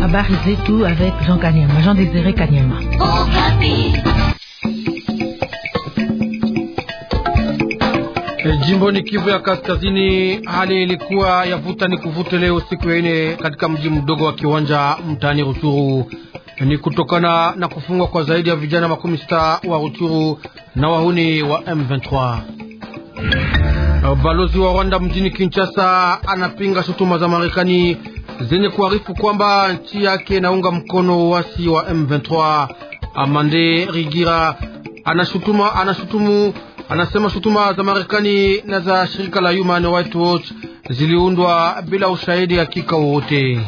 Habari zetu avec Jean Kanyama, Jean Désiré Kanyama. Eh, Jimboni Kivu ya Kaskazini, hali ilikuwa yavuta ni kuvute leo siku ya ine katika mji mdogo wa Kiwanja mtaani Ruchuru. Ni kutokana na kufungwa kwa zaidi ya vijana makumi sita wa Ruchuru na wahuni wa M23. Eh, balozi wa Rwanda mjini Kinshasa anapinga shutuma za Marekani zenye kuarifu kwamba nchi yake inaunga mkono wasi wa M23. Amande Rigira anashutuma, anashutumu, anasema shutuma za Marekani na za shirika la Human Rights Watch ziliundwa bila ushahidi hakika wowote.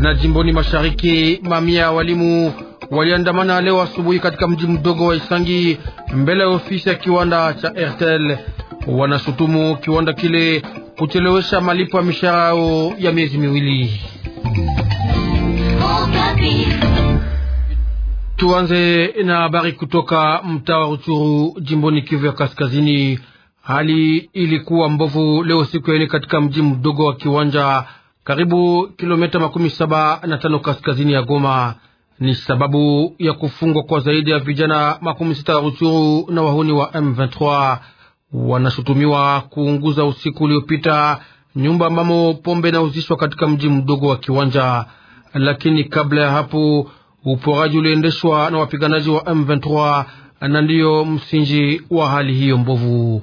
Na jimboni mashariki, mamia ya walimu waliandamana leo asubuhi katika mji mdogo wa Isangi mbele ya ofisi ya kiwanda cha Airtel wanashutumu kiwanda kile kuchelewesha malipo ya mishahara yao ya miezi miwili. Tuanze na habari kutoka mtaa wa Ruchuru jimboni Kivu ya Kaskazini. Hali ilikuwa mbovu leo siku ya ine katika mji mdogo wa Kiwanja, karibu kilomita makumi saba na tano kaskazini ya Goma. Ni sababu ya kufungwa kwa zaidi ya vijana makumi sita ya Ruchuru na wahuni wa M23 wanashutumiwa kuunguza usiku uliopita nyumba ambamo pombe inauzishwa katika mji mdogo wa Kiwanja, lakini kabla ya hapo uporaji uliendeshwa na wapiganaji wa M23 na ndiyo msingi wa hali hiyo mbovu.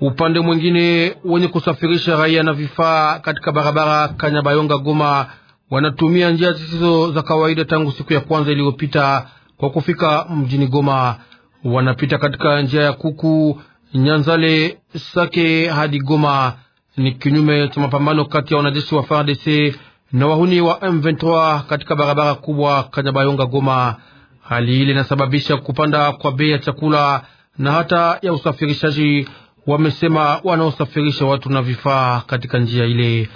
Upande mwingine, wenye kusafirisha raia na vifaa katika barabara Kanyabayonga Goma wanatumia njia zisizo za kawaida tangu siku ya kwanza iliyopita kwa kufika mjini Goma. Wanapita katika njia ya kuku Nyanzale Sake hadi Goma ni kinyume cha mapambano kati ya wanajeshi wa FARDC na wahuni wa M23 katika barabara kubwa Kanyabayonga Goma. Hali ile inasababisha kupanda kwa bei ya chakula na hata ya usafirishaji, wamesema wanaosafirisha watu na vifaa katika njia ile.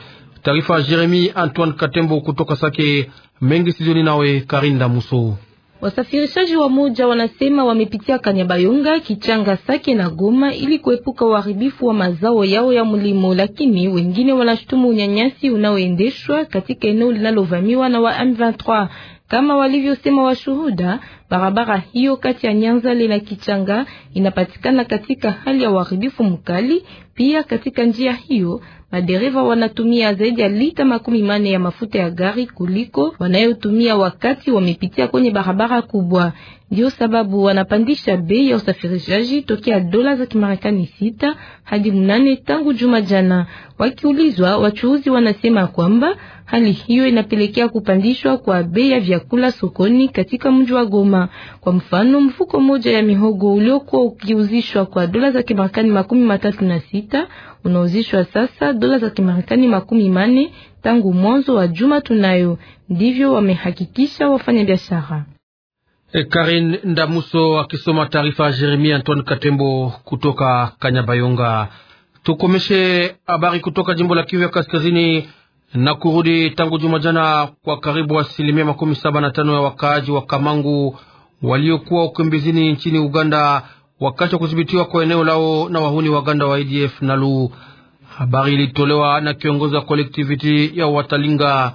Taarifa Jeremy Antoine Katembo kutoka Sake mengi sizoni nawe Karinda Musu. Wasafirishaji wa moja wanasema wamepitia Kanyabayonga, Kichanga, Sake na Goma ili kuepuka uharibifu wa mazao yao ya mlimo, lakini wengine wanashutumu unyanyasi unaoendeshwa katika eneo linalovamiwa na wa M23 kama walivyosema washuhuda. Barabara hiyo kati ya Nyanzale na Kichanga inapatikana katika hali ya uharibifu mkali. Pia katika njia hiyo madereva wanatumia zaidi ya lita makumi mane ya mafuta ya gari kuliko wanayotumia wakati wamepitia kwenye barabara kubwa. Ndio sababu wanapandisha bei ya usafirishaji tokea dola za Kimarekani sita hadi mnane tangu juma jana. Wakiulizwa, wachuuzi wanasema kwamba hali hiyo inapelekea kupandishwa kwa bei ya vyakula sokoni katika mji wa Goma mkulima. Kwa mfano, mfuko mmoja ya mihogo uliokuwa ukiuzishwa kwa dola za Kimarekani makumi matatu na sita unauzishwa sasa dola za Kimarekani makumi mane tangu mwanzo wa juma tunayo, ndivyo wamehakikisha wafanyabiashara. E, Karin Ndamuso akisoma taarifa ya Jeremie Antoine Katembo kutoka Kanyabayonga. Tukomeshe habari kutoka jimbo la Kivu ya Kaskazini na kurudi tangu juma jana kwa karibu asilimia makumi saba na tano ya wakaaji wa Kamangu waliokuwa ukimbizini nchini Uganda wakati wa kudhibitiwa kwa eneo lao na wahuni Waganda wa ADF NALU. Habari ilitolewa na kiongozi wa kolektiviti ya Watalinga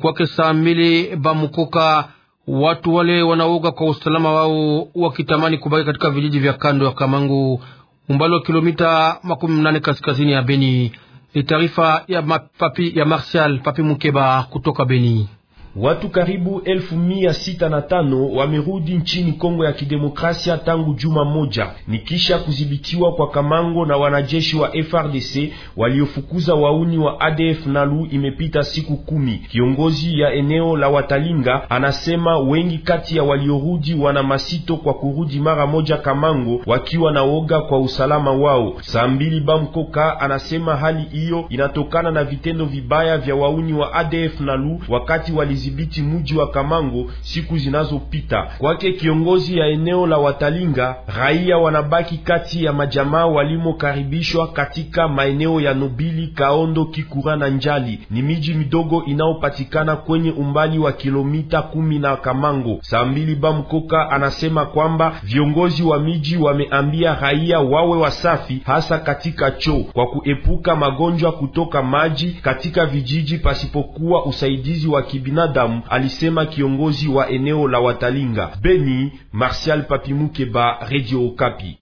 kwake saa mbili Bamukoka. Watu wale wanaoga kwa usalama wao wakitamani kubaki katika vijiji vya kando ya Kamangu, umbali wa kilomita makumi mnane kaskazini ya Beni. Ni taarifa ya, papi, ya Martial Papi Mukeba kutoka Beni. Watu karibu elfu mia sita na tano wamerudi nchini Kongo ya Kidemokrasia tangu juma moja, ni kisha kudhibitiwa kwa Kamango na wanajeshi wa FRDC waliofukuza wauni wa ADF Nalu imepita siku kumi. Kiongozi ya eneo la Watalinga anasema wengi kati ya waliorudi wana masito kwa kurudi mara moja Kamango, wakiwa na woga kwa usalama wao. Sambili Bamkoka anasema hali hiyo inatokana na vitendo vibaya vya wauni wa ADF Nalu wakati wali kudhibiti mji wa Kamango siku zinazopita. Kwake kiongozi ya eneo la Watalinga, raia wanabaki kati ya majamaa walimokaribishwa katika maeneo ya Nobili, Kaondo, Kikura na Njali. Ni miji midogo inayopatikana kwenye umbali wa kilomita kumi na Kamango. Saa mbili Bamkoka anasema kwamba viongozi wa miji wameambia raia wawe wasafi, hasa katika choo kwa kuepuka magonjwa kutoka maji katika vijiji pasipokuwa usaidizi wa kibinadamu binadamu, alisema kiongozi wa eneo la Watalinga Beni, Martial Papimukeba, Radio Okapi.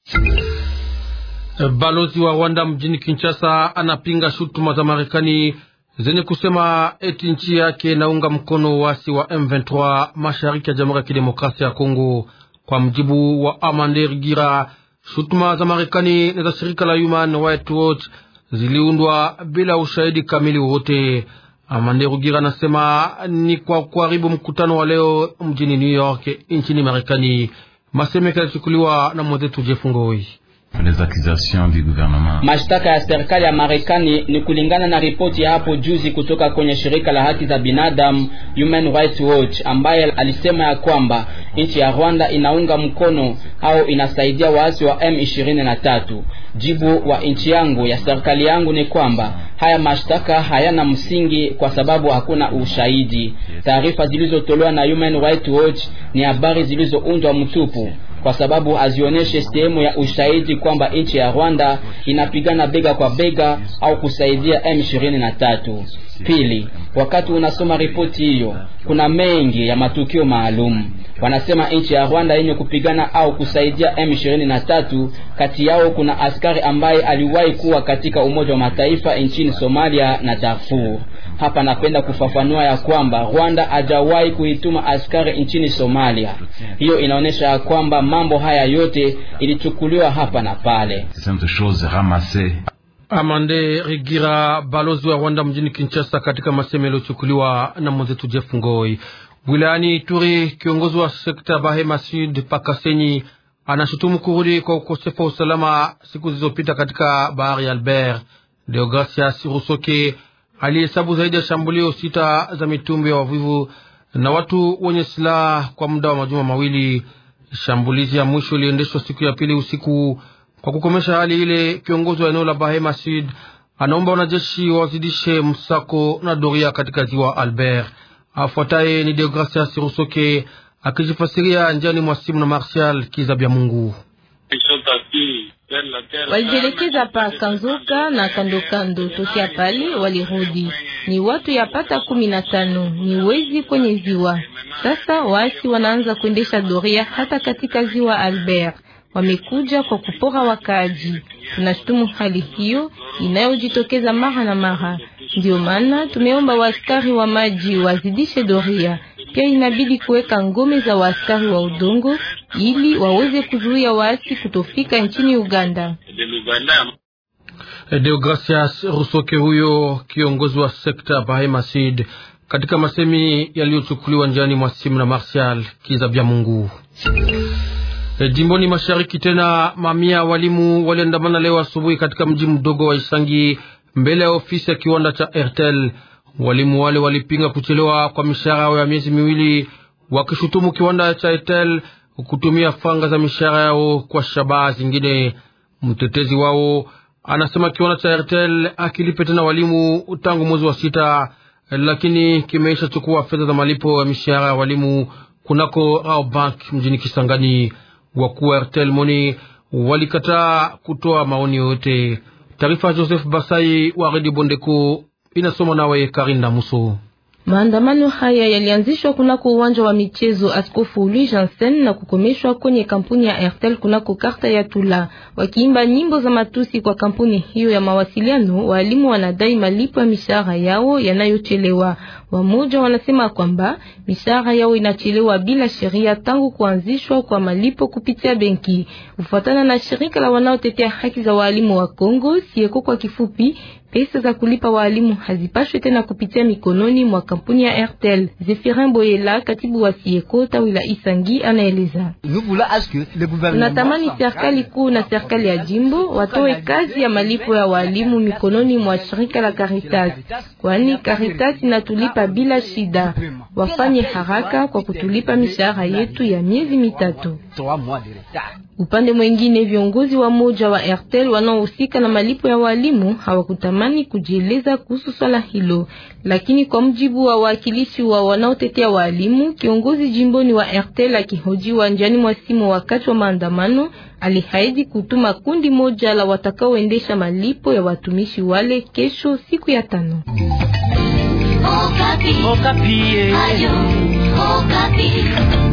Balozi wa Rwanda mjini Kinshasa anapinga shutuma za Marekani zenye kusema eti nchi yake inaunga mkono wasi wa M23 mashariki ya Jamhuri ya Kidemokrasia ya Kongo. Kwa mjibu wa Amander Gira, shutuma za Marekani na za shirika la Human Rights Watch ziliundwa bila ushahidi kamili wowote. Amande Rugira anasema ni kwa kuharibu mkutano wa leo mjini New York nchini Marekani. Masemeka yalichukuliwa na mwenzetu Jeff Ngoi. Mashtaka ya serikali ya Marekani ni kulingana na ripoti ya hapo juzi kutoka kwenye shirika la haki za binadamu Human Rights Watch, ambaye alisema ya kwamba nchi ya Rwanda inaunga mkono au inasaidia waasi wa M23. Jibu wa nchi yangu ya serikali yangu ni kwamba haya mashtaka hayana msingi kwa sababu hakuna ushahidi. Taarifa zilizotolewa na Human Rights Watch ni habari zilizoundwa mtupu kwa sababu hazionyeshe sehemu ya ushahidi kwamba nchi ya Rwanda inapigana bega kwa bega au kusaidia M23. Pili, wakati unasoma ripoti hiyo, kuna mengi ya matukio maalum Wanasema nchi ya Rwanda yenye kupigana au kusaidia M23, kati yao kuna askari ambaye aliwahi kuwa katika Umoja wa Mataifa nchini Somalia na Darfur. Hapa napenda kufafanua ya kwamba Rwanda hajawahi kuituma askari nchini Somalia. Hiyo inaonyesha ya kwamba mambo haya yote ilichukuliwa hapa na pale. Amande Rigira, balozi wa Rwanda mjini Kinshasa, katika masemo yaliyochukuliwa na mwenzetu Jeff Ngoi wilayani Ituri. Kiongozi wa sekta Bahema Sud Pakasenyi anashutumu kurudi kwa ukosefu wa usalama siku zilizopita katika bahari ya Albert. Deogracias Rusoke alihesabu zaidi ya shambulio sita za mitumbi ya wavivu na watu wenye silaha kwa muda wa majuma mawili. Shambulizi ya mwisho iliendeshwa siku ya pili usiku. Kwa kukomesha hali ile, kiongozi wa eneo la Bahema Sud anaomba wanajeshi wazidishe msako na doria katika ziwa Albert. Afuataye ni Deogracia Sirusoke akijifasiria njiani mwa simu na Martial Kizabya Mungu. Walijielekeza pa Kanzoka na kandokando tokea pale walirudi, ni watu yapata kumi na tano ni wezi kwenye ziwa. Sasa waasi wanaanza kuendesha doria hata katika ziwa Albert, wamekuja kwa kupora wakaaji. Tunashutumu hali hiyo inayojitokeza mara na mara. Ndiyo maana tumeomba waskari wa maji wazidishe doria. Pia inabidi kuweka ngome za waaskari wa udongo ili waweze kuzuia waasi kutofika nchini Uganda. Deogracias Rusoke, huyo kiongozi wa sekta Bahema Sid, katika masemi yaliyochukuliwa njiani mwa simu na Martial Kizabya Mungu. E, jimboni mashariki tena, mamia walimu waliandamana leo asubuhi katika mji mdogo wa Isangi mbele ya ofisi ya kiwanda cha Airtel. Walimu wale walipinga kuchelewa kwa mishahara yao ya miezi miwili, wakishutumu kiwanda cha Airtel kutumia fanga za mishahara yao kwa shabaha zingine. Mtetezi wao anasema kiwanda cha Airtel akilipe tena walimu tangu mwezi wa sita, lakini kimeisha chukua fedha za malipo ya mishahara ya walimu kunako Rao Bank mjini Kisangani. Wakuu wa Airtel Money walikataa kutoa maoni yoyote. Taarifa Joseph Basai wa Redio Bondeko inasoma nawe Karinda Muso. Maandamano haya yalianzishwa kunako uwanja wa michezo Askofu Louis Jansen na kukomeshwa kwenye kampuni ya Airtel kunako karta ya Tula, wakiimba nyimbo za matusi kwa kampuni hiyo ya mawasiliano. Walimu wanadai malipo ya mishahara yao yanayochelewa. Wamoja wanasema kwamba mishahara yao inachelewa bila sheria tangu kuanzishwa kwa malipo kupitia benki. Kufuatana na shirika la wanaotetea haki za waalimu wa Kongo, sieko kwa kifupi, pesa za kulipa waalimu hazipashwe tena kupitia mikononi mwa kampuni ya Airtel. Zefirin Boyela, katibu wa sieko tawi la Isangi, anaeleza tunatamani serikali kuu na serikali ya jimbo watoe kazi ya malipo ya waalimu mikononi mwa shirika la Caritas, kwani Caritas inatulipa kulipa bila shida. Wafanye haraka kwa kutulipa mishahara yetu ya miezi mitatu. Upande mwingine, viongozi wa moja wa Airtel wanaohusika na malipo ya walimu hawakutamani kujieleza kuhusu swala hilo, lakini kwa mjibu wa waakilishi wa wanaotetea walimu, kiongozi jimboni wa Airtel akihojiwa njiani mwa simu wakati wa maandamano alihaidi kutuma kundi moja la watakaoendesha malipo ya watumishi wale kesho siku ya tano. Okapi. Okapi.